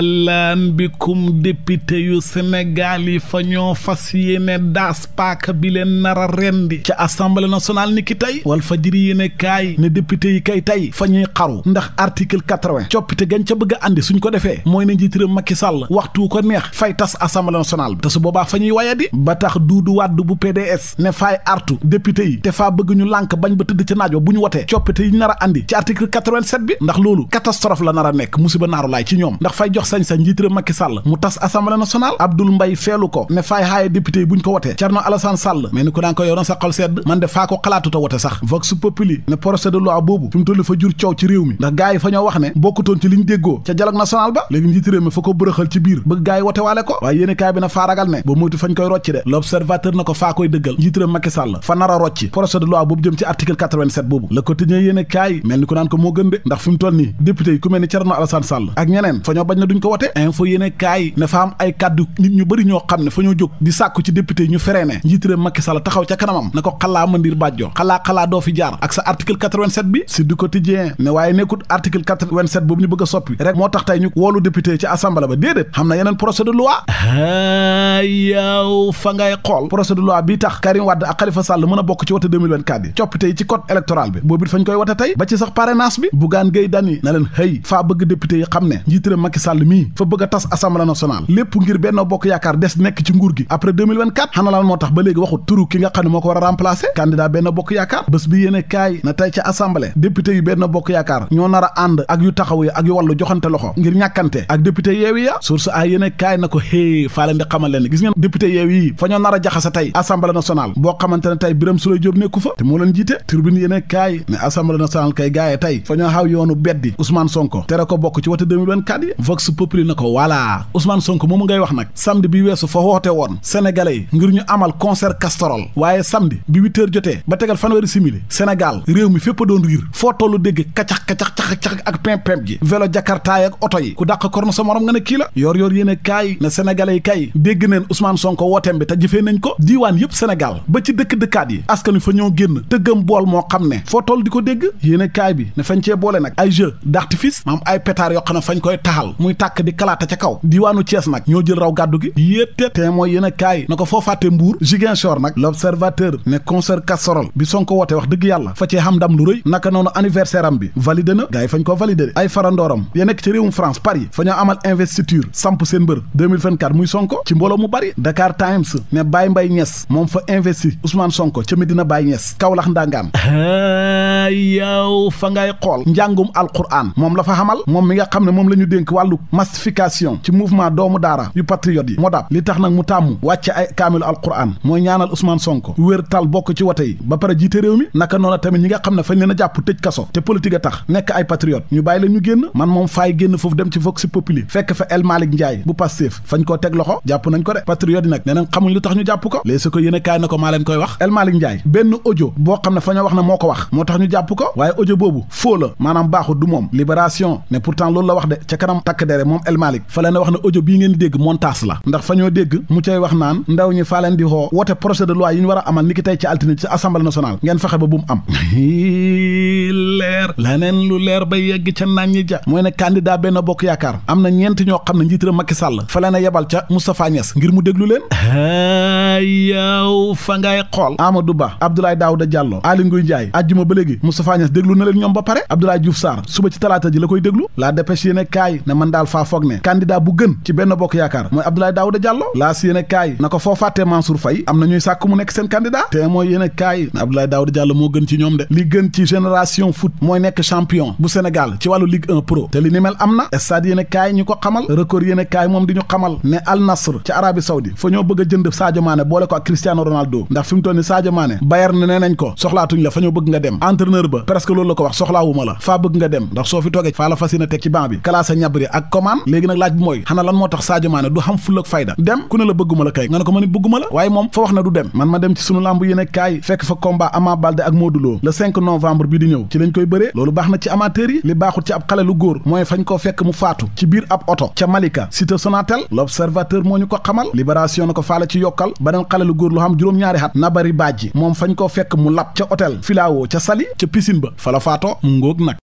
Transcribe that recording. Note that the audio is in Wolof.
ahlan bikum député yu Sénégal yi fa ñoo fas yéene daas paaka bi leen nar a rendi ci assemblée nationale ni ki tey wal fa fajiri yéene kaay ne député yi kay tey fa ñuy xaru ndax article quatre-vingt coppite gañ ca bëgg a àndi suñ ko defee mooy ne njiitiram Macky sàll waxtu ko neex fay tas assemblée nationale bi te su boobaa fa ñuy waya di ba tax duudu wàdd bu PDS ne faay artu député yi te faa bëgg ñu lànk bañ ba tëdd ca naaj wa bu ñu wotee coppite yi nar a àndi ci article quatre-vingt-sept bi ndax loolu catastrophe la nar a nekk musiba naaru laay ci ñoom sañ-sañ njiitëra Macky Sall mu tas assemblée nationale Abdoul Mbaye feelu ko ne faay xaaye député yi bu ko wotee Thierno Alassane Sall mais ni ko daan ko yoroon sa xol sedd man de faa ko xalaatuta wote sax vox populi ne procès de loi boobu fi mu toll fa jur coow ci réew mi ndax gars yi fa ñoo wax ne bokkutoon ci liñ déggoo ca dialogue national ba léegi njiit mi fa ko bërëxal ci biir bëgg gars wote waale ko waaye yéene bi na faa ragal ne ba moytu fañ koy rocci de l'observateur na ko faa koy dëggal njiit réew Macky a rocci procès de loi boobu jëm ci article 87 boobu mu toll ni Thierno Alassane Sall ak ñeneen fa ñoo ko wote info yéene ne ñoo xam ne fa ñoo jóg di sàkku ci député ñu freiné njiit réew Macky Sall taxaw ca kanamam na ko xalaa mandir bàjjo xalaa doo fi jaar ak sa article 87 bi si du quotidien ne waaye nekkut article boobu ñu bëgg soppi rek moo tax tey ñu woolu député ci assemblée ba déedéet xam na yeneen procès de loi fa ngay xool procès de bi tax Karim Wade ak Khalifa Sall mën a bokk ci wote 2024 coppite yi ci code électoral bi boobu it fañ koy wote tey ba ci sax parrainage bi Bougane Gueye Dany na leen xëy faa bëgg député yi xam ne njiit réew Macky Sall mii fa bëgg a tas assemblée nationale lépp ngir Benno Bokk Yaakaar des nekk ci nguur gi après 2024 xana moo tax ba léegi waxut turu ki nga xam moo ko war a remplacer candidat Benno Bokk Yaakaar bés bi yéene kaay na tey ca assemblée député yu Benno Bokk Yaakaar ñoo nar a ànd ak yu taxaw ya ak yu wàllu joxante loxo ngir ñàkkante ak député yeewi a yéene yi fa ñoo nar a jaxase tey assemblée boo xamante ne tey Birame Souleye Diop nekku fa te moo leen Populi na ko voilà Ousmane Sonko moomu ngay wax nag samedi bi weesu fa woote woon sénégalais yi ngir ñu amal concert casserole waaye samedi bi huit heures jotee ba tegal fanweeri simili Sénégal réew mi fépp a doon riir foo tollu dégg kacax kacax cax cax ak pimpimp ji vélo jakartaay ak oto yi ku daq dàq kornu sa morom nga ne kii la yor yor yéen kaay na sénégalais yi kaay dégg neen Ousmane Sonko wooteem bi ta jëfee nañ ko diiwaan yëpp Sénégal ba ci dëkk dëkkaat yi askan wi fa ñoo génn tëggam bool moo xam ne foo toll di ko dégg yéen kaay bi ne fañ cee boole nag ay jeu d'artifice maam ay pétard yoo xam ne fañ koy taxal tàkk di kalaata ca kaw diwaanu Thiès nag ñoo jël raw gàddu gi yéetéet te mooy yéen a kaay na ko foo fàtte Mbour Ziguinchor nag l'observateur ne concert casserole bi Sonko woote wax dëgg yàlla fa cee xam ndam lu rëy naka noonu anniversaire am bi validé na gars yi fañ ko validé ay farandooram ya nekk ci réewum France Paris fa ñoo amal investiture samp seen mbër 2024 muy Sonko ci mbooloo mu bari Dakar Times ne Baye Mbaye Niass moom fa investi Ousmane Sonko ca Medina Baye Niass Kaolack Ndangaan yow fa ngay xool njàngum alquran moom la fa xamal moom mi nga xam ne moom la ñu dénk wàllu massification ci mouvement doomu daara yu patriote yi moo daab li tax nag mu tàmm wàcce ay kaamilu alquran mooy ñaanal Ousmane Sonko wér tal bokk ci wote yi ba pare jiite réew mi naka noonu tamit ñi nga xam ne fañ leen a jàpp tëj kaso te politique a tax nekk ay patriote ñu bàyyi la ñu génn man moom faay génn foofu dem ci vox populi fekk fa El Malick Ndiaye bu Pastef fañ koo teg loxo jàpp nañ ko de patriote yi nag nee nañ xamuñ tax ñu jàpp ko léegi su ko yéene kaay na ko maa leen wax El Malick Ndiaye jàpp ko waaye audio boobu foo la maanaam baaxul du moom libération ne pourtant wax de ca kanam enregistré moom El Malick fa leen wax ne audio bii ngeen di dégg montage la ndax fa ñoo dégg mu cay wax naan ndaw ñi faa leen di xoo wote projet de loi war a amal ni ki tey ci altine ci assemblée nationale ngeen fexe ba bu am leer laneen lu leer ba yegg ca naan ñi ja mooy ne daa benn bokk yaakaar am na ñeenti ñoo xam ne njiitëram Macky Sall fa leen a yebal ca Moustapha Niass ngir mu déglu leen yow fa ngay xool Amadou Ba Abdoulaye Daouda Diallo Aly Ngouille Ndiaye ajjuma ba léegi Moustapha Niass déglu na leen ñoom ba pare Abdoulaye Diouf Sarr suba ci talaata ji la koy la dépêche yéene faa foog ne candidat bu gën ci benn bokk yaakaar mooy Abdoulaye Daouda Diallo laas yéen a kaay na ko foo fàttee Mansour Faye am na ñuy sàkk mu nekk seen candidat te mooy yéen a kaay na Abdoulaye Daouda Diallo moo gën ci ñoom de li gën ci génération foot mooy nekk champion bu Sénégal ci wàllu Ligue 1 pro te li ni mel am na stade yéen a kaay ñu ko xamal record yéen kaay moom di ñu xamal ne Al Nasr ci Arabie Saoudi fa ñoo bëgg jënd Sadio Mané boole ko ak Cristiano Ronaldo ndax fi mu toll ni Sadio Mané Bayern ne nañ ko dem entraîneur ba presque loolu la ko wax soxlaawuma la faa nga dem ndax soo fi toogee faa la maan léegi nag laaj bi mooy xana lan moo tax Sadio Mané du xam fulak fayda dem ku ne la bëgguma la kay nga ne ko ma ne bëgguma la waaye moom fa wax na du dem man ma dem ci sunu lamb yéene kaay fekk fa combat Ama Baldé ak Modou Lo le 5 novembre bi di ñëw ci lañ koy bëree loolu baax na ci amateur yi li baaxul ci ab xale lu góor mooy fañ koo fekk mu faatu ci biir ab oto ca Malika cité Sonatel l'observateur moo ñu ko xamal libération na ko faale ci yokkal beneen xale lu góor lu xam juróom-ñaari xat nabari bàjji moom fañ koo fekk mu lab ca hôtel filao ca sali ca piscine ba fa la faatoo mu ngóog